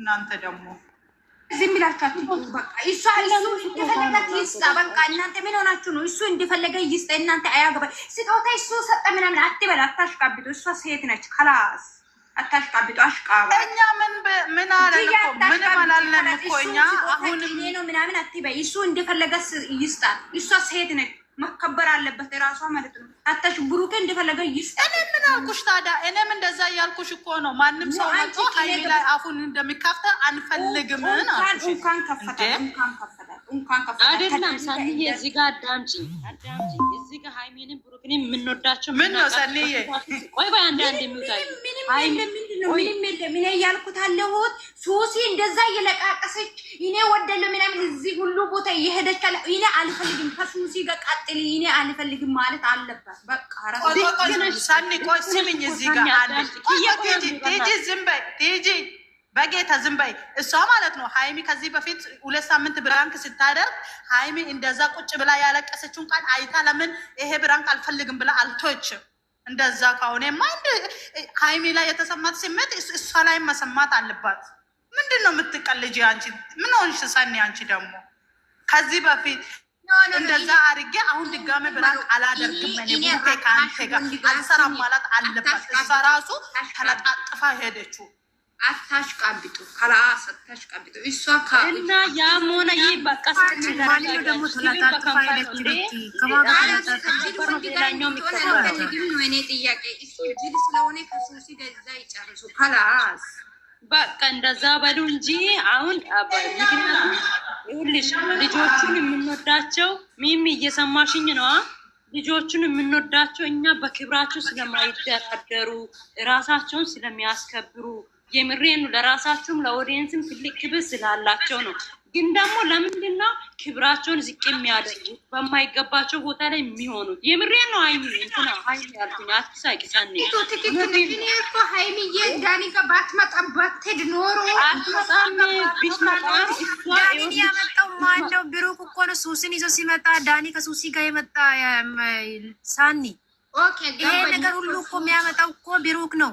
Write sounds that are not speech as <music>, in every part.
እናንተ ደግሞ እዚህ ብላችሁ እናንተ ምን ሆናችሁ ነው? እሱ እንደፈለገ ይስጣ። እናንተ አያገባ ስጦታ እሱ ሰጠ ምናምን አትበል፣ አታሽቃብጡ። እሷ ሴት ነች። ከላስ አታሽቃብጡ። አሽቃባ እኛ ምን ምን አለን እኮ ምንም አላልንም እኮ እኛ አሁንም ነው ምናምን አትበይ። እሱ እንደፈለገ ይስጣ። እሷ ሴት ነች። መከበር አለበት የራሷ ማለት ነው። አታሽ ብሩኬ እንደፈለገ ይስ እኔ ምን አልኩሽ ታዲያ? እኔም እንደዛ ያልኩሽ እኮ ነው። ማንም ሰው መጥቶ ሀይሚ ላይ አፉን እንደሚከፍተ አንፈልግም። እንኳን ከፈታ እንኳን ከፈታ አይደለም ሳንዬ፣ እዚህ ጋር አዳምጪ፣ አዳምጪ። እዚህ ጋር ሀይሚንም ብሩኬንም የምንወዳቸው ምን ነው ሳንዬ፣ ቆይ ቆይ፣ አንዳንድ የሚወጣ ሀይሚ ነው ምንም የለም። እኔ እያልኩት አለሁት ሶሲ እንደዛ እየለቃቀሰች እኔ ወደለ ምናምን እዚህ ሁሉ ቦታ እየሄደች አለ እኔ አልፈልግም ከሱሲ ጋር ቀጥል እኔ አልፈልግም ማለት አለባት። በቃ ሳኒ ቆይ ስምኝ፣ እዚህ ጋር አለች ዝም በይ ቴጂ በጌታ ዝም በይ። እሷ ማለት ነው ሀይሚ ከዚህ በፊት ሁለት ሳምንት ብራንክ ስታደርግ ሀይሚ እንደዛ ቁጭ ብላ ያለቀሰችውን ቃል አይታ ለምን ይሄ ብራንክ አልፈልግም ብላ አልቶችም እንደዛ ከሆነ ማንድ ሀይሚ ላይ የተሰማት ስሜት እሷ ላይ መሰማት አለባት። ምንድን ነው የምትቀልጅ? አንቺ? ምን ሆንሽ ሰኒ? አንቺ ደግሞ ከዚህ በፊት እንደዛ አድርጌ አሁን ድጋሚ ብራን አላደርግም እኔ ከአንተ ጋር አልሰራም ማለት አለባት። እሷ ራሱ ተለጣጥፋ ሄደችው። አታሽቃብጡ ከላ አታሽቃብጡ። እሷ እና ያም ሆነ ይህ በቃ እንደዛ በሉ እንጂ አሁን ይኸውልሽ ልጆቹን የምንወዳቸው ሚሚ እየሰማሽኝ ነዋ። ልጆቹን የምንወዳቸው እኛ በክብራቸው ስለማይደራደሩ ራሳቸውን ስለሚያስከብሩ የምሬኑ ለራሳቸውም ለኦዲየንስም ትልቅ ክብር ስላላቸው ነው። ግን ደግሞ ለምንድን ነው ክብራቸውን ዝቅ የሚያደርጉት? በማይገባቸው ቦታ ላይ የሚሆኑት የምሬን ነው። ሀይሚ እንትና ሀይሚ ያልኩኝ አትሳቂሳን ትክክልግን እኮ ሀይሚዬ ዳኒ ጋር ባትመጣም ባትሄድ ኖሮ አትመጣም ቢመጣም ያመጣው ማነው? ብሩክ እኮ ነው ሱስን ይዞ ሲመጣ ዳኒ ከሱሲ ጋር የመጣ ሳኒ ይሄ ነገር ሁሉ እኮ የሚያመጣው እኮ ብሩክ ነው።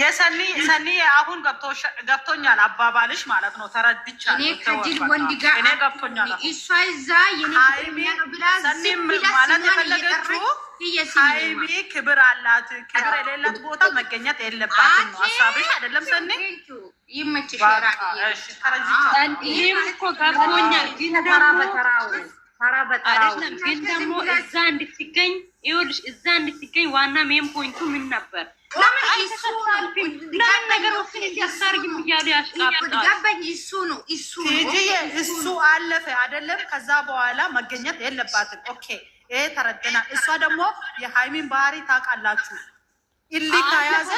የሰኒ ሰኒ አሁን ገብቶኛል አባባልሽ ማለት ነው። ተረድቻለሁ። ከጅል ወንድ ጋር እኔ ገብቶኛል። እሷ እዛ ማለት የፈለገችው ሀይሚ ክብር አላት፣ ክብር የሌላት ቦታ መገኘት የለባትም ነው ሀሳብሽ አይደለም ሰኒ? ይመችሽ። እኮ ተራ አይደለም ግን እዛ እንድትገኝ ይኸውልሽ እዛ እንድትገኝ ዋና ሜን ፖይንቱ ምን ነበር? ለምን እሱ አለፈ አይደለም። ከዛ በኋላ መገኘት የለባትም። ኦኬ ይሄ ተረድተናል። እሷ ደግሞ የሃይሚን ባህሪ ታውቃላችሁ። እልህ ከያዘ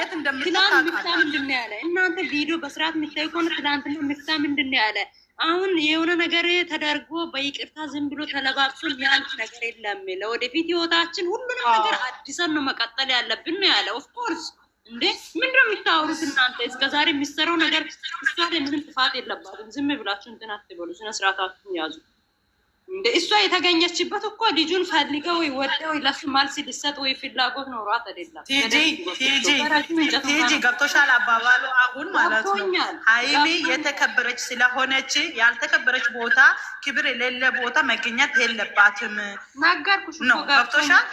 የት እንደምትታወቅ ምሳ እናንተ ቪዲዮ በስርዓት የምታይ ከሆነ ትናንትና ምክታ ምንድን ነው ያለ? አሁን የሆነ ነገር ተደርጎ በይቅርታ ዝም ብሎ ተለባብሶ ያንቺ ነገር የለም። ለወደፊት ህይወታችን ሁሉንም ነገር አዲሰን ነው መቀጠል ያለብን ነው ያለ። ኦፍኮርስ እንዴ ምንድን የምታወሩት እናንተ? እስከዛሬ የሚሰራው ነገር ምንም ጥፋት የለባትም። ዝም ብላችሁ እንትን አትበሉ። ስነስርዓታችሁን ያዙ። እንደ እሷ የተገኘችበት እኮ ልጁን ፈልገ ፈልገው ወደው ለሱ መልስ ሊሰጥ ወይ ፍላጎት ኖሯት አይደለም። ቲጂ ገብቶሻል። አባባሉ አሁን ማለት ነው ሀይሚ የተከበረች ስለሆነች ያልተከበረች ቦታ፣ ክብር የሌለ ቦታ መገኘት የለባትም። ነገርኩሽ ነው። ገብቶሻል።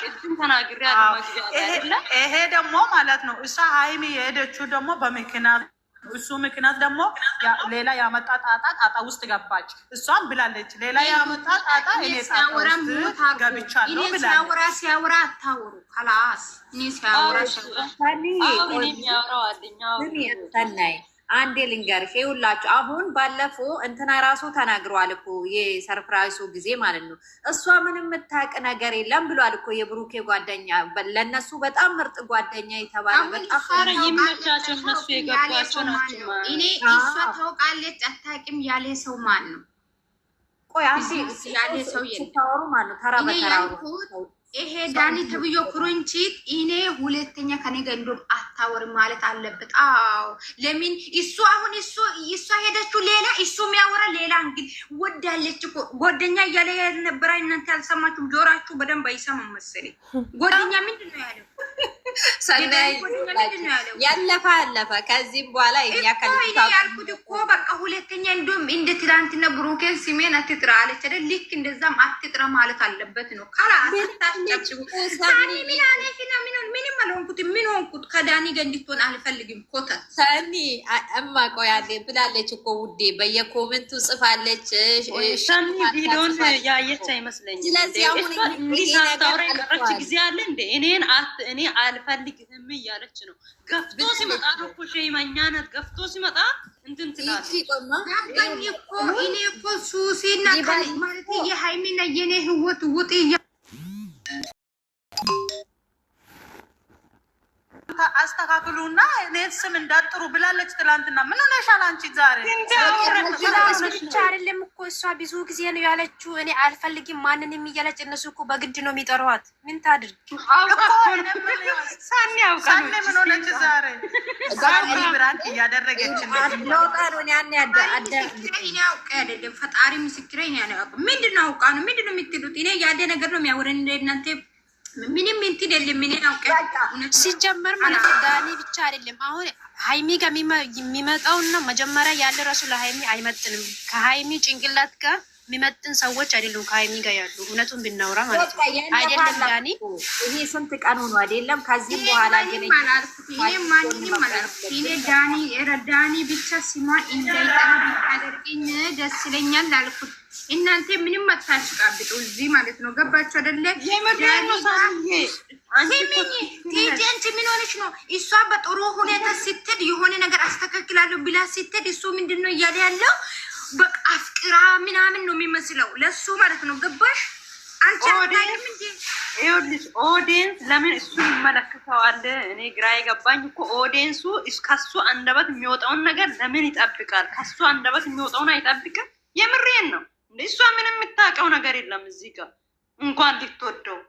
ይሄ ደግሞ ማለት ነው እሷ ሀይሚ የሄደችው ደግሞ በምክንያት እሱ ምክንያት ደግሞ ሌላ ያመጣ ጣጣ ጣጣ ውስጥ ገባች። እሷም ብላለች ሌላ ያመጣ ጣጣ እኔ ሲያወራ ገብቻለሁ ብላለች። ሲያወራ ሲያወራ አታውሩ ከላስ እኔ ሲያወራ ሲያወራ አንዴ ልንገርሽ ይኸውላችሁ፣ አሁን ባለፈው እንትና ራሱ ተናግረዋል እኮ የሰርፕራይሱ ጊዜ ማለት ነው። እሷ ምንም የምታውቅ ነገር የለም ብሏል እኮ የብሩኬ ጓደኛ፣ ለእነሱ በጣም ምርጥ ጓደኛ የተባለ በጣም ይመቻቸው። እነሱ የገባቸው ናቸው። እኔ እሷ ታውቃለች አታውቅም ያለ ሰው ማን ነው? ቆይ አንዴ ያለ ሰው ስታወሩ ማለት ነው ተራ በተራ ይሄ ዳኒ ተብዮ ኩርንቺት እኔ ሁለተኛ ከኔ ጋር እንደውም አታወርም ማለት አለበት። አዎ ለምን እሱ አሁን እሱ እሷ ሄደችው ሌላ እሱ የሚያወራ ሌላ። እንግዲህ ወዳለች እኮ ጓደኛ እያለ ነበረ። እናንተ ያልሰማችሁ ጆራችሁ በደንብ አይሰማም መሰለኝ። ጓደኛ ምንድን ነው ያለው? ሰናይ ያለፈ አለፈ። ከዚህም በኋላ እኛ ያልኩት እኮ በቃ ሁለተኛ እንዲሁም እንደ ትናንትና ብሩኬን ስሜን አትጥራ አለች አይደል? ልክ እንደዛም አትጥራ ማለት አለበት ነው። ምንም አልሆንኩት። ምን ሆንኩት? ከዳኒ ጋር እንድትሆን አልፈልግም። ኮተት ሰኒ እማ ቆይ ብላለች እኮ ውዴ፣ በየኮመንቱ ጽፋለች። ሰኒ ቪዲዮን ያየች አይመስለኝም። ስለዚህ አሁን ጊዜ አለ እንደ እኔን እኔ አለ አልፈልግህም እያለች ነው። ገፍቶ ሲመጣ ነው እኮ ሸይመኛ ናት። ገፍቶ ሲመጣ እንትን ትላለች እኔ እኮ ሱሲና ማለት የሀይሚና የኔ ህይወት ውጥ አስተካክሉና እኔ ስም እንዳጥሩ ብላለች። ትላንትና ምን ሆነሻል አንቺ? ዛሬብቻ አይደለም እኮ እሷ ብዙ ጊዜ ነው ያለችው። እኔ አልፈልግም ማንንም እያለች እነሱ እኮ በግድ ነው የሚጠሯት። ምን ታድርግ? ሳኔ ምን ሆነች ዛሬ? ብራንድ እያደረገች እኔ አውቄ አይደለም ፈጣሪ ምስክሬ። ምንድን ነው አውቃ ነው ምንድን ነው የምትሉት? እኔ ያለ ነገር ነው የሚያወረን እናንተ ምንም እንትን የለም። ምን ያውቀ ሲጀመር ማለት ዳኒ ብቻ አይደለም። አሁን ሀይሚ ጋር የሚመጣውና መጀመሪያ ያለ ራሱ ለሀይሚ አይመጥንም ከሀይሚ ጭንቅላት ጋር የሚመጥን ሰዎች አይደሉም። ከሀይሚ ጋር ያሉ እውነቱን ብናውራ ማለት ነው። አይደለም ያኔ ይሄ ስንት ቀን ሆኖ አይደለም። ከዚህ በኋላ ግን ዳኒ ረዳኒ ብቻ ሲማ እንዳይጠራ ብታደርግኝ ደስ ይለኛል ላልኩት እናንተ ምንም አታሽቃብጡ እዚህ ማለት ነው። ገባችሁ አደለ? ቴጀንት ምን ሆነች ነው እሷ በጥሩ ሁኔታ ስትሄድ የሆነ ነገር አስተካክላለሁ ብላ ስትሄድ እሱ ምንድን ነው እያለ ያለው በቃ አፍቅራ ምናምን ነው የሚመስለው ለሱ ማለት ነው። ገባሽ አንቺ አታይም እንዴ? ይኸውልሽ ኦዲየንስ ለምን እሱ ይመለከተዋል? እኔ ግራ የገባኝ እኮ ኦዲየንሱ ከሱ አንደበት የሚወጣውን ነገር ለምን ይጠብቃል? ከሱ አንደበት የሚወጣውን አይጠብቅም። የምሬን ነው። እሷ ምንም የምታውቀው ነገር የለም እዚህ ጋር እንኳን ልትወደው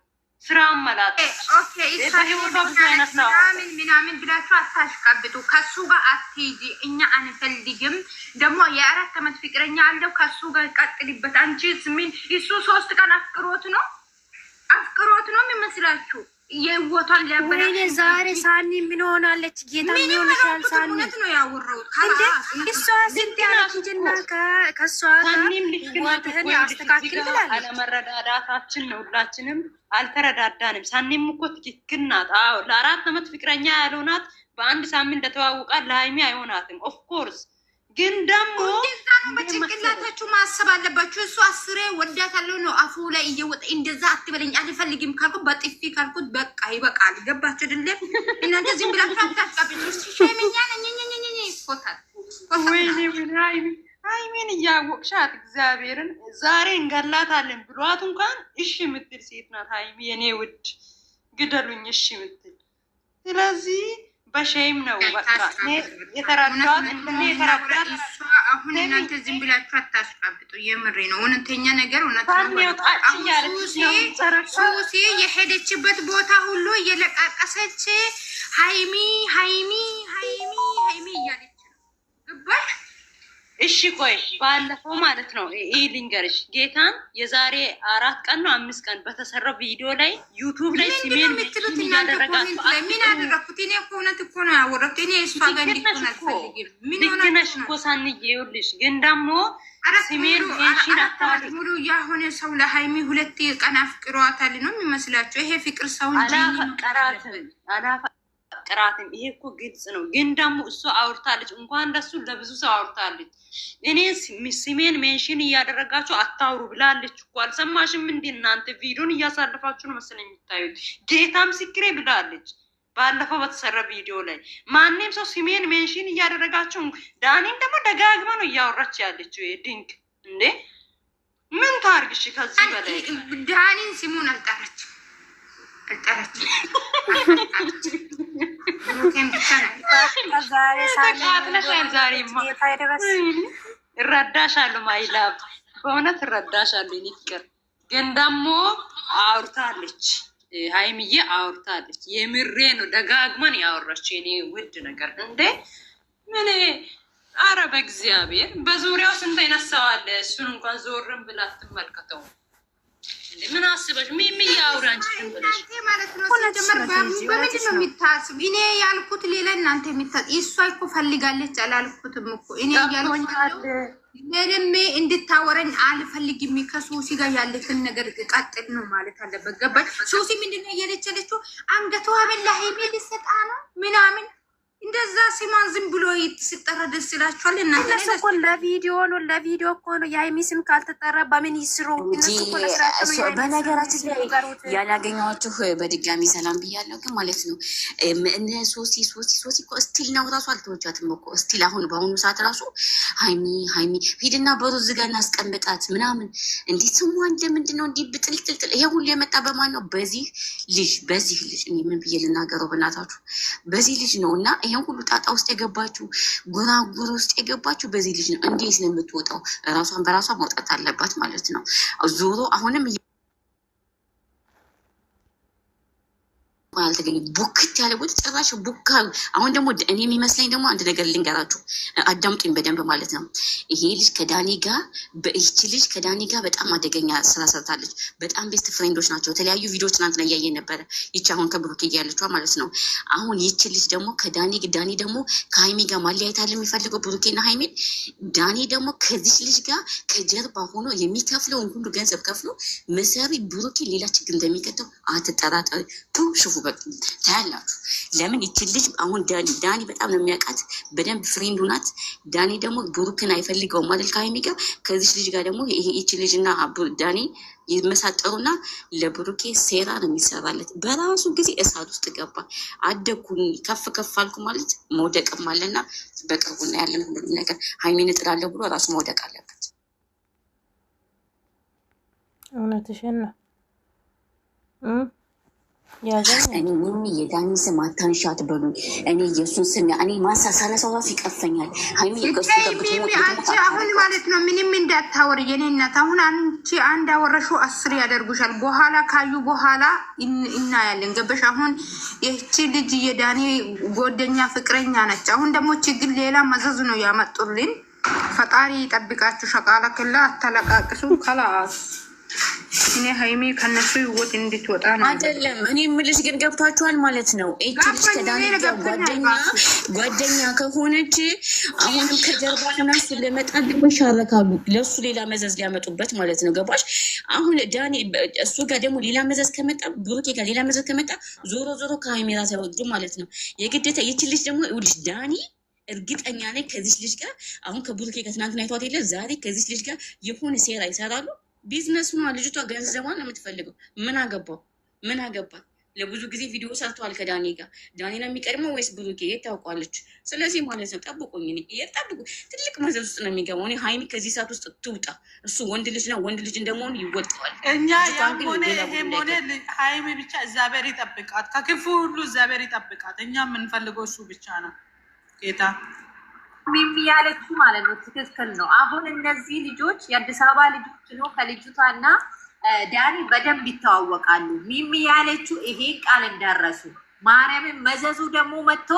ስራ መላጥ ምናምን ምናምን ብላችሁ አታሽቀብጡ። ከሱ ጋር አትሂጂ፣ እኛ አንፈልግም። ደግሞ የአራት ዓመት ፍቅረኛ አለው፣ ከሱ ጋር ይቀጥልበት። አንቺስ እሱ ሶስት ቀን አፍቅሮት ነው አፍቅሮት ነው የሚመስላችሁ? የቦታን ዛሬ ሳኒ ምን ሆናለች? ጌታ ምን ሆነሻል? ሳኒ እሷ ስንት ያለችና ከእሷ ጋርህን አስተካክል ብላለች። አለመረዳዳታችን ነው፣ ሁላችንም አልተረዳዳንም። ሳኒም እኮ ትክክል ናት። ለአራት አመት ፍቅረኛ ያልሆናት በአንድ ሳምንት እንደተዋወቃት ለሀይሚ አይሆናትም ኦፍኮርስ ግን ደግሞ በጭንቅላታችሁ ማሰብ አለባችሁ። እሱ አስሬ ወዳታለሁ ነው አፉ ላይ እየወጣ እንደዛ አትበለኝ አልፈልግም ካልኩ በጥፊ ካልኩት በቃ ይበቃል። ገባችሁ አይደለም? እናንተ ዝም ብላችሁ ሃይሚን እያወቅሻት እግዚአብሔርን ዛሬ እንገላታለን ብሏት እንኳን እሺ የምትል ሴት ናት ሃይሚ የኔ ውድ ግደሉኝ እሺ የምትል ስለዚህ በሼም ነው የተረዳሁት። እናንተ ዝም ብላችሁ አታስቃብጡ። የምሬ ነው። እውነተኛ ነገር እውነትሱሲ የሄደችበት ቦታ ሁሉ እየለቃቀሰች ሀይሚ ሀይሚ ሀይሚ ሀይሚ እያለች ነው። ገባሽ? እሺ ቆይ ባለፈው ማለት ነው ይህ ልንገርሽ፣ ጌታን የዛሬ አራት ቀን ነው አምስት ቀን በተሰራው ቪዲዮ ላይ ዩቱብ ላይ ሲሜን ምትሉት እናደረጋችሁ ምን አደረግኩት? እኔ እኮ እኮ ነው ያወረኩት። እኔ እሷ ጋር እንዲሆን አልፈልግም። እኮ ሳንዬ፣ ይኸውልሽ ግን ደግሞ ሙሉ ያሆነ ሰው ለሀይሚ ሁለት ቀን አፍቅሯታል ነው የሚመስላቸው። ይሄ ፍቅር ሰውን እንጂ አላፈ አትቀራትም። ይሄ እኮ ግልጽ ነው። ግን ደግሞ እሱ አውርታለች፣ እንኳን ደሱ ለብዙ ሰው አውርታለች። እኔ ስሜን ሜንሽን እያደረጋችሁ አታውሩ ብላለች እኮ አልሰማሽም? እንዲ እናንተ ቪዲዮን እያሳለፋችሁ ነው መሰለኝ የሚታዩት። ጌታ ምስክሬ ብላለች ባለፈው በተሰራ ቪዲዮ ላይ ማንም ሰው ስሜን ሜንሽን እያደረጋችሁ፣ ዳኒም ደግሞ ደጋግመ ነው እያወራች ያለችው። ድንቅ እንዴ! ምን ታርግሽ? ከዚህ በላይ ዳኒን ስሙን አልጠረችም አልጠረችም። <laughs> እረዳሻለሁ፣ ማይላብ በእውነት እረዳሻለሁ። የእኔ ፍቅር ግን ደግሞ አውርታለች፣ ሀይሚዬ አውርታለች። የምሬ ነው፣ ደጋግመን ያወራችው የኔ ውድ ነገር እንዴ ምን አረ በእግዚአብሔር በዙሪያው ስንት አይነት እሱን እንኳን ዞርን ብላ አትመልከተውም። ምን አስበሽ ምን ያውራ አንቺ ነው የሚታስብ? እኔ ያልኩት ሌላ እናንተ እሷ እኮ ፈልጋለች አላልኩትም እኮ እኔ ምንም እንድታወረኝ አልፈልግም። ጋር ነገር ቀጥል ነው ማለት አለበት። እያለች ያለችው? አንገቷ ነው ምናምን እንደዛ ሲማን ዝም ብሎ ሲጠራ ደስ ይላችኋል? እነሱ እኮ ለቪዲዮ ነው፣ ለቪዲዮ እኮ ነው። የሀይሚ ስም ካልተጠራ በምን ይስሩ? በነገራችን ላይ ያላገኘኋችሁ በድጋሚ ሰላም ብያለሁ፣ ግን ማለት ነው እነ ሶሲ ሶሲ ሶሲ እኮ እስቲል ነው ራሱ አልተወቻትም እኮ እስቲል። አሁን በአሁኑ ሰዓት ራሱ ሀይሚ ሀይሚ ሂድና በሩ ጋር እናስቀምጣት ምናምን፣ እንዲህ ስሟ እንደምንድን ነው እንዲህ ብጥልጥልጥል። ይሄ ሁሉ የመጣ በማን ነው? በዚህ ልጅ በዚህ ልጅ ምን ብዬ ልናገረው? በእናታችሁ በዚህ ልጅ ነው እና ይሄን ሁሉ ጣጣ ውስጥ የገባችሁ ጉራጉር ውስጥ የገባችሁ በዚህ ልጅ ነው። እንዴት ነው የምትወጣው? ራሷን በራሷ መውጣት አለባት ማለት ነው ዞሮ አሁንም አልተገኘም። ቡክት ያለ ጉድ ጭራሽ ቡካ። አሁን ደግሞ እኔ የሚመስለኝ ደግሞ አንድ ነገር ልንገራችሁ፣ አዳምጡኝ በደንብ ማለት ነው። ይሄ ልጅ ከዳኒ ጋር በይቺ ልጅ ከዳኒ ጋር በጣም አደገኛ ስራ ሰርታለች። በጣም ቤስት ፍሬንዶች ናቸው። የተለያዩ ቪዲዮ ትናንትና እያየን ነበረ። ይቺ አሁን ከብሩክ እያለችዋ ማለት ነው። አሁን ይቺ ልጅ ደግሞ ከዳኒ ዳኒ ደግሞ ከሀይሜ ጋር ማለያየት አለ የሚፈልገው ብሩኬና ሀይሜን። ዳኒ ደግሞ ከዚች ልጅ ጋር ከጀርባ ሆኖ የሚከፍለውን ሁሉ ገንዘብ ከፍሎ መሰሪ ብሩኬ ሌላ ችግር እንደሚከተው አትጠራጠሪ። ቱ ሽፉ በቃ ታያላችሁ። ለምን ይቺ ልጅ አሁን ዳኒ በጣም ነው የሚያውቃት፣ በደንብ ፍሬንዱ ናት። ዳኒ ደግሞ ብሩክን አይፈልገውም አይደል? ከሀይሚ ጋር ከዚች ልጅ ጋር ደግሞ ይቺ ልጅና ዳኒ ይመሳጠሩና ለብሩኬ ሴራ ነው የሚሰራለት። በራሱ ጊዜ እሳት ውስጥ ገባ። አደግኩኝ ከፍ ከፍ አልኩ ማለት መውደቅም አለና በቅርቡና ያለን ሁሉም ነገር ሀይሚን እጥላለሁ ብሎ ራሱ መውደቅ አለበት። እውነትሽን ነው። እኔም የዳኒ ስም አታንሻት በሉኝ። እኔ የሱን ስም እኔ ማንሳ ሳነሳው ራሱ ይቀፈኛል። አንቺ አሁን ማለት ነው ምንም እንዳታወር የኔ እናት። አሁን አንቺ አንድ አወረሹ አስር ያደርጉሻል። በኋላ ካዩ በኋላ እናያለን። ገበሽ አሁን ይህቺ ልጅ የዳኒ ጎደኛ ፍቅረኛ ነች። አሁን ደግሞ ችግር ሌላ መዘዝ ነው ያመጡልን። ፈጣሪ ይጠብቃችሁ። ሸቃላ ክላ አተለቃቅሱ ከላስ እኔ ሀይሜ ከነሱ ህይወት እንድትወጣ ነው አይደለም። እኔ የምልሽ ግን ገብታችኋል ማለት ነው። ኤች ልጅ ከዳኒ ጓደኛ ጓደኛ ከሆነች አሁን ከጀርባ ምናምን ለመጣ ይሻረካሉ። ለእሱ ሌላ መዘዝ ሊያመጡበት ማለት ነው። ገባሽ? አሁን ዳኒ እሱ ጋር ደግሞ ሌላ መዘዝ ከመጣ ብሩኬ ጋር ሌላ መዘዝ ከመጣ ዞሮ ዞሮ ከሀይሜ ራስ አይወዱ ማለት ነው። የግዴታ ይች ልጅ ደግሞ ውልሽ ዳኒ እርግጠኛ ነኝ ከዚች ልጅ ጋር አሁን ከብሩኬ ጋር ትናንትና አይተዋት የለ ዛሬ ከዚች ልጅ ጋር የሆነ ሴራ ይሰራሉ። ቢዝነስ ነ ልጅቷ ገንዘቧን የምትፈልገው ምን አገባው? ምን አገባ? ለብዙ ጊዜ ቪዲዮ ሰርተዋል ከዳኔ ጋር። ዳኔ ነው የሚቀድመው ወይስ ብሩኬ? የት ታውቋለች? ስለዚህ ማለት ነው ጠብቁኝ፣ የት ትልቅ መዘዝ ውስጥ ነው የሚገባው። እኔ ሀይሚ ከዚህ ሰዓት ውስጥ ትውጣ። እሱ ወንድ ልጅ ነው፣ ወንድ ልጅ እንደመሆኑ ይወጣዋል። እኛ ያም ሆነ ይሄም ሆነ ሀይሚ ብቻ እግዚአብሔር ይጠብቃት፣ ከክፉ ሁሉ እግዚአብሔር ይጠብቃት። እኛ የምንፈልገው እሱ ብቻ ነው ጌታ ሚሚ ያለችው ማለት ነው ትክክል ነው። አሁን እነዚህ ልጆች የአዲስ አበባ ልጆች ነው። ከልጅቷና ዳኒ በደንብ ይተዋወቃሉ። ሚሚ ያለችው ይሄ ቃል እንዳረሱ ማርያምን መዘዙ ደግሞ መጥቶ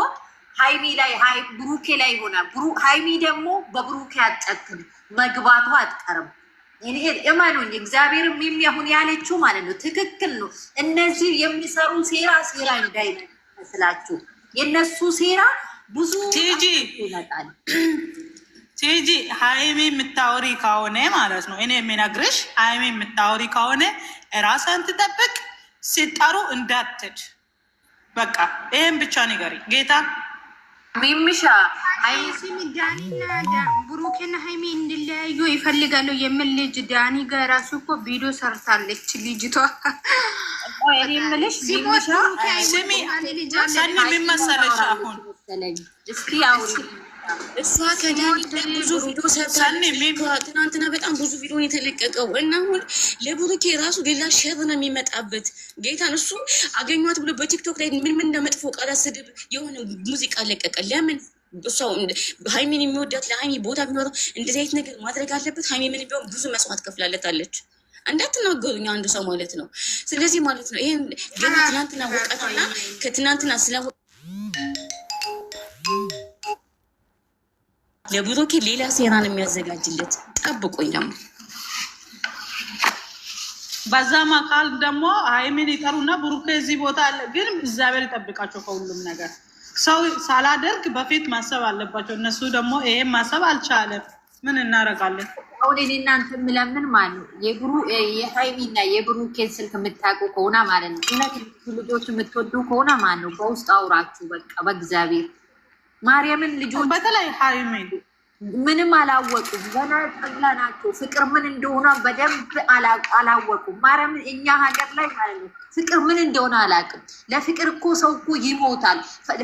ሀይሚ ላይ ብሩኬ ላይ ይሆናል። ሀይሚ ደግሞ በብሩኬ አትጨክም፣ መግባቱ አትቀርም። ይሄን እመኑኝ፣ እግዚአብሔር ሚሚ አሁን ያለችው ማለት ነው ትክክል ነው። እነዚህ የሚሰሩ ሴራ ሴራ እንዳይመስላችሁ የእነሱ ሴራ ብዙ ይመጣል። ቲጂ ሀይሚ የምታወሪ ከሆነ ማለት ነው እኔ የሚነግርሽ ሀይሚ የምታወሪ ከሆነ ራስን ትጠብቅ፣ ሲጠሩ እንዳትድ። በቃ ይህም ብቻ ንገሪ ጌታ ሚሚሻ ዳኒና ብሩክና ሀይሚ እንዲለያዩ ይፈልጋሉ የሚል ልጅ ዳኒ ጋር ራሱ እኮ ቪዲዮ ሰርታለች ልጅቷ። ስሚ ምን መሰለሽ አሁን መሰለኝ። እስቲ አሁን እሷ ከዳኒ ብዙ ቪዲዮ ሰርታለች። ትናንትና በጣም ብዙ ቪዲዮ የተለቀቀው እና አሁን ለብሩኬ ራሱ ሌላ ሸር ነው የሚመጣበት። ጌታን እሱ አገኟት ብሎ በቲክቶክ ላይ ምን ምን እንደመጥፎ ቃላ ስድብ የሆነ ሙዚቃ ለቀቀ። ለምን እሷ ሀይሚን የሚወዳት ለሀይሚ ቦታ ቢኖረው እንደዚህ አይነት ነገር ማድረግ አለበት። ሀይሚ ምን ቢሆን ብዙ መስዋዕት ከፍላለታለች። እንዳትናገሩኝ አንዱ ሰው ማለት ነው። ስለዚህ ማለት ነው ይሄን ገና ትናንትና ወቀትና ከትናንትና ስለ ለብሩኬ ሌላ ሴራ ነው የሚያዘጋጅለት። ጠብቁኝ። ደግሞ በዛ መካል ደግሞ ሀይሚን ይጠሩና ብሩኬ እዚህ ቦታ አለ። ግን እግዚአብሔር ይጠብቃቸው ከሁሉም ነገር። ሰው ሳላደርግ በፊት ማሰብ አለባቸው። እነሱ ደግሞ ይሄን ማሰብ አልቻለም። ምን እናደርጋለን? አሁን እኔ እናንተ ምለምን ማለት የሀይሚና የብሩኬን ስልክ የምታውቁ ከሆነ ማለት ነው፣ እውነት ልጆች የምትወዱ ከሆነ ማለት ነው፣ በውስጥ አውራችሁ በቃ በእግዚአብሔር ማርያምን ልጆች በተለይ ሀሪሜን ምንም አላወቁም። ገና ጠላ ናቸው። ፍቅር ምን እንደሆነ በደንብ አላወቁም። ማርያምን እኛ ሀገር ላይ ማለት ፍቅር ምን እንደሆነ አላውቅም። ለፍቅር እኮ ሰው እኮ ይሞታል።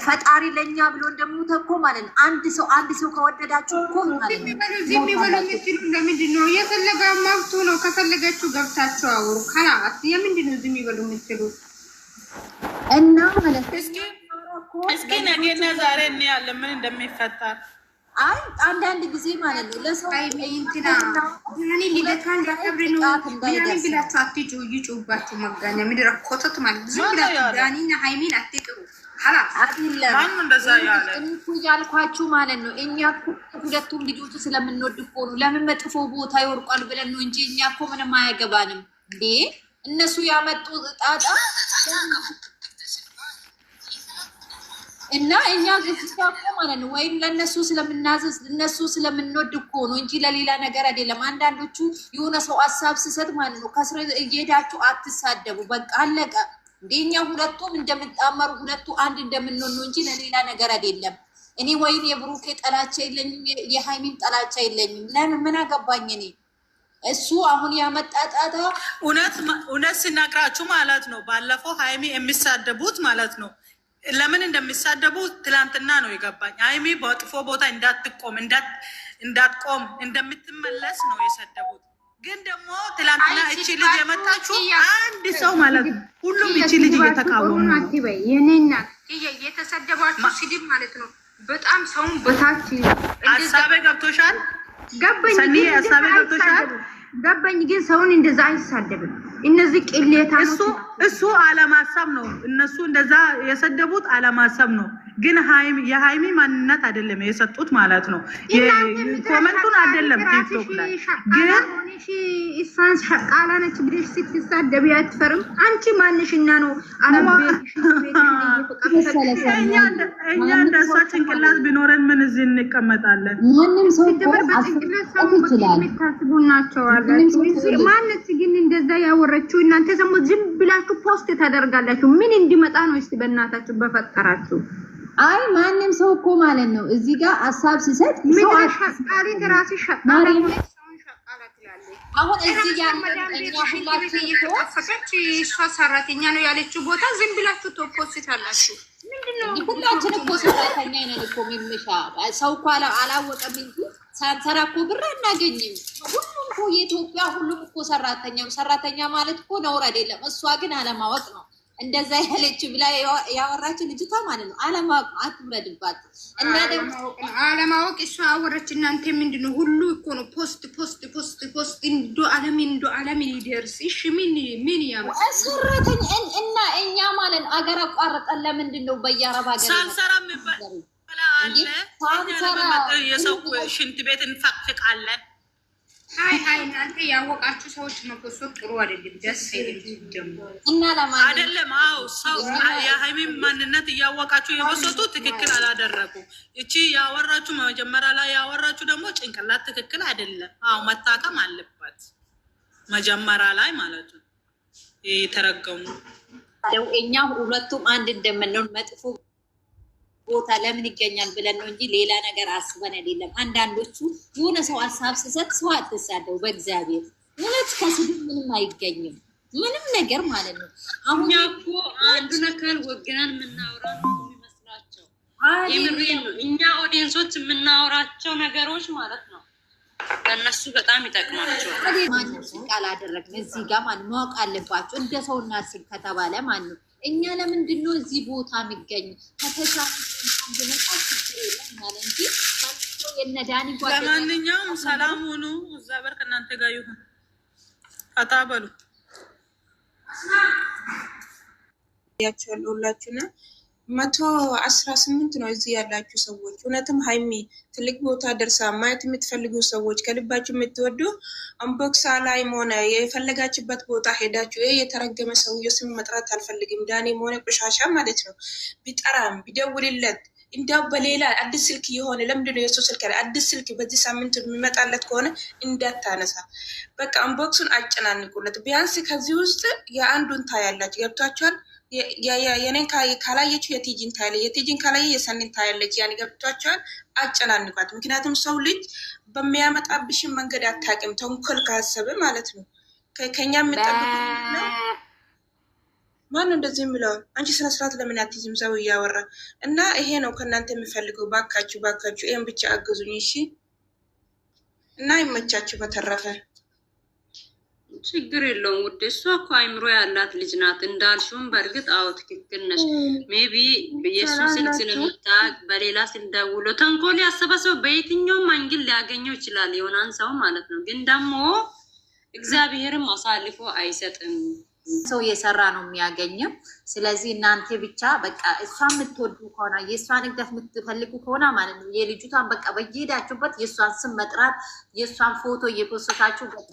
ፈጣሪ ለእኛ ብሎ እንደሞተ እኮ ማለት አንድ ሰው አንድ ሰው ከወደዳችሁ እኮ የሚበሉ የሚችሉ ለምንድን ነው? የፈለገ መብቱ ነው። ከፈለገችው ገብታቸው አውሩ። ከላት የምንድን ነው የሚበሉ የሚችሉ እና ማለት እስኪ ነገና ዛሬ እኔ ያለ ምን እንደሚፈታ አይ አንዳንድ ጊዜ ማለት ነው ለሰው እንትና ዳኒ ሊለካን እንዳከብር ነው ምናምን ብላችሁ አትጩ ይጩባችሁ መጋኛ ምድረ ኮተት ማለት ዝም ብላችሁ ዳኒና ሀይሚን አትቅሩ ያልኳችሁ ማለት ነው። እኛ ሁለቱም ልጆቹ ስለምንወድ እኮ ነው። ለምን መጥፎ ቦታ ይወርቋል ብለን ነው እንጂ እኛ እኮ ምንም አያገባንም። እነሱ ያመጡ ጣጣ እና እኛ እኮ ማለት ነው ወይም ለነሱ ስለምናዘዝ እነሱ ስለምንወድ እኮ ነው እንጂ ለሌላ ነገር አይደለም። አንዳንዶቹ የሆነ ሰው ሀሳብ ስሰጥ ማለት ነው ከስረ እየሄዳችሁ አትሳደቡ፣ በቃ አለቀ። እንደኛ ሁለቱም እንደምጣመሩ ሁለቱ አንድ እንደምንሆን ነው እንጂ ለሌላ ነገር አይደለም። እኔ ወይም የብሩኬ ጠላቻ የለኝም፣ የሃይሚን ጠላቻ የለኝም። ለምን ምን አገባኝ እኔ እሱ አሁን ያመጣጣታ እውነት እውነት ሲናግራችሁ ማለት ነው ባለፈው ሃይሚ የሚሳደቡት ማለት ነው ለምን እንደሚሳደቡ ትላንትና ነው የገባኝ። ሀይሚ በጥፎ ቦታ እንዳትቆም እንዳትቆም እንደምትመለስ ነው የሰደቡት። ግን ደግሞ ትላንትና እቺ ልጅ የመጣችሁ አንድ ሰው ማለት ነው። ሁሉም እቺ ልጅ እየተቃወሙ የኔና የተሰደባችሁ ስድብ ማለት ነው። በጣም ሰውን በታች ሀሳቤ ገብቶሻል? ገባኝ። ሀሳቤ ገብቶሻል? ገባኝ። ግን ሰውን እንደዛ አይሳደብም። እነዚህ ቅሌታ እሱ እሱ አለማሰብ ነው። እነሱ እንደዛ የሰደቡት አለማሰብ ነው። ግን የሀይሚ ማንነት አይደለም የሰጡት ማለት ነው። ኮመንቱን አይደለም ግን ቃላነች ብለሽ ስትሳደቢ አትፈርም አንቺ ማንሽና ነው እኛ እንደሷ ጭንቅላት ቢኖረን ምን እዚህ እንቀመጣለን? ማንም ሰው ማነት ግን እንደዛ ያወረችው እናንተ ደግሞ ዝም ብላችሁ ፖስት ታደርጋላችሁ። ምን እንዲመጣ ነው? እስቲ በእናታችሁ በፈጠራችሁ አይ ማንም ሰው እኮ ማለት ነው እዚህ ጋር ሀሳብ ሲሰጥ አሁን እዚህ ያለው እሷ ሰራተኛ ነው ያለችው ቦታ ዝም ብላችሁ ቶፖስት አላችሁ። ሁላችን እኮ ሰራተኛ ነን እኮ ሚምሻ ሰው እኮ አላወቀም እንጂ ሳንሰራ እኮ ብር አናገኝም። ሁሉም እኮ የኢትዮጵያ ሁሉም እኮ ሰራተኛ ሰራተኛ ማለት እኮ ነውር አይደለም። እሷ ግን አለማወቅ ነው። እንደዛ ያለች ብላ ያወራችን ልጅቷ ማለት ነው። አለማወቅ አትውረድባት እና ደግሞ አለማወቅ እሷ አወራች። እናንተ ምንድን ነው ሁሉ እኮ ነው ፖስት ፖስት ፖስት ፖስት እንዶ አለም እንዶ አለም ሊደርስ እሺ፣ ምን ምን ያ ያሱረተኝ እና እኛ ማለት አገር አቋርጠን ለምንድን ነው በየአረብ ሀገር ሳንሰራ የሚባል ሳንሰራ የሰው ሽንት ቤት እንፈቅፍቃለን አይ አይ እናንተ ያወቃችሁ ሰዎች መኮሶት ጥሩ አይደለም፣ ደስ እና ለማንኛውም አይደለም። አዎ ሰው የሀይሚን ማንነት እያወቃችሁ የበሰቱ ትክክል አላደረጉ። እቺ ያወራችሁ መጀመሪያ ላይ ያወራችሁ ደግሞ ጭንቅላት ትክክል አይደለም። አዎ መታከም አለባት መጀመሪያ ላይ ማለት ነው። የተረገሙ እኛ ሁለቱም አንድ እንደምንሆን መጥፎ ቦታ ለምን ይገኛል ብለን ነው እንጂ ሌላ ነገር አስበን አይደለም። አንዳንዶቹ የሆነ ሰው ሀሳብ ስሰጥ ሰው አትሳደው በእግዚአብሔር እውነት ከስድብ ምንም አይገኝም፣ ምንም ነገር ማለት ነው። አሁን እኮ አንዱን አካል ወገናን የምናወራ የሚመስላቸው የምሬን ነው። እኛ ኦዲየንሶች የምናወራቸው ነገሮች ማለት ነው ለእነሱ በጣም ይጠቅማቸዋል። ማንም ቃል አደረግን እዚህ ጋር ማን ማወቅ አለባቸው። እንደ ሰው እናስብ ከተባለ ማን ነው እኛ ለምንድን ነው እዚህ ቦታ የሚገኝ ለማንኛውም ሰላም ሆኑ። እዛ በር ከእናንተ ጋር ይሁን። ፈታ በሉ ያቸዋለሁላችሁ ና መቶ አስራ ስምንት ነው እዚህ ያላችሁ ሰዎች እውነትም ሀይሚ ትልቅ ቦታ ደርሳ ማየት የምትፈልጉ ሰዎች ከልባችሁ የምትወዱ አምቦክሳ ላይም ሆነ የፈለጋችበት ቦታ ሄዳችሁ ይህ የተረገመ ሰውዬ ስም መጥራት አልፈልግም። ዳኔም ሆነ ቆሻሻ ማለት ነው ቢጠራም ቢደውልለት እንዲያው በሌላ አዲስ ስልክ የሆነ ለምንድነው የሱ ስልክ ያለ አዲስ ስልክ በዚህ ሳምንት የሚመጣለት ከሆነ እንዳታነሳ። በቃ አምቦክሱን አጨናንቁለት። ቢያንስ ከዚህ ውስጥ የአንዱን ታያላችሁ። ገብቷችኋል? የኔን ካላየችው የቲጂን ታያለ፣ የቲጂን ካላየ የሰኒን ታያለች። ያን ገብቷቸዋል። አጨናንቋት። ምክንያቱም ሰው ልጅ በሚያመጣብሽን መንገድ አታውቂም። ተንኮል ካሰብ ማለት ነው ከኛ የምጠብቅ ማን ነው እንደዚህ የሚለውን አንቺ ስነ ስርዓት ለምን አትይዝም? ሰው እያወራ እና ይሄ ነው ከእናንተ የሚፈልገው። ባካችሁ፣ ባካችሁ ይህን ብቻ አገዙኝ እሺ። እና ይመቻችሁ በተረፈ ችግር የለውም ውድ። እሷ እኮ አይምሮ ያላት ልጅ ናት እንዳልሽውም፣ በእርግጥ አዎ ትክክል ነሽ። ሜቢ የእሱ ስልክ ስለምታቅ በሌላ ስልክ ደውሎ ተንኮል ያሰበሰበው በየትኛውም አንግል ሊያገኘው ይችላል የሆነን ሰው ማለት ነው። ግን ደግሞ እግዚአብሔርም አሳልፎ አይሰጥም። ሰው እየሰራ ነው የሚያገኘው። ስለዚህ እናንተ ብቻ በቃ እሷ የምትወዱ ከሆነ የእሷን እግደት የምትፈልጉ ከሆነ ማለት ነው የልጅቷን በቃ በየሄዳችሁበት የእሷን ስም መጥራት የእሷን ፎቶ እየፖስታችሁ በቃ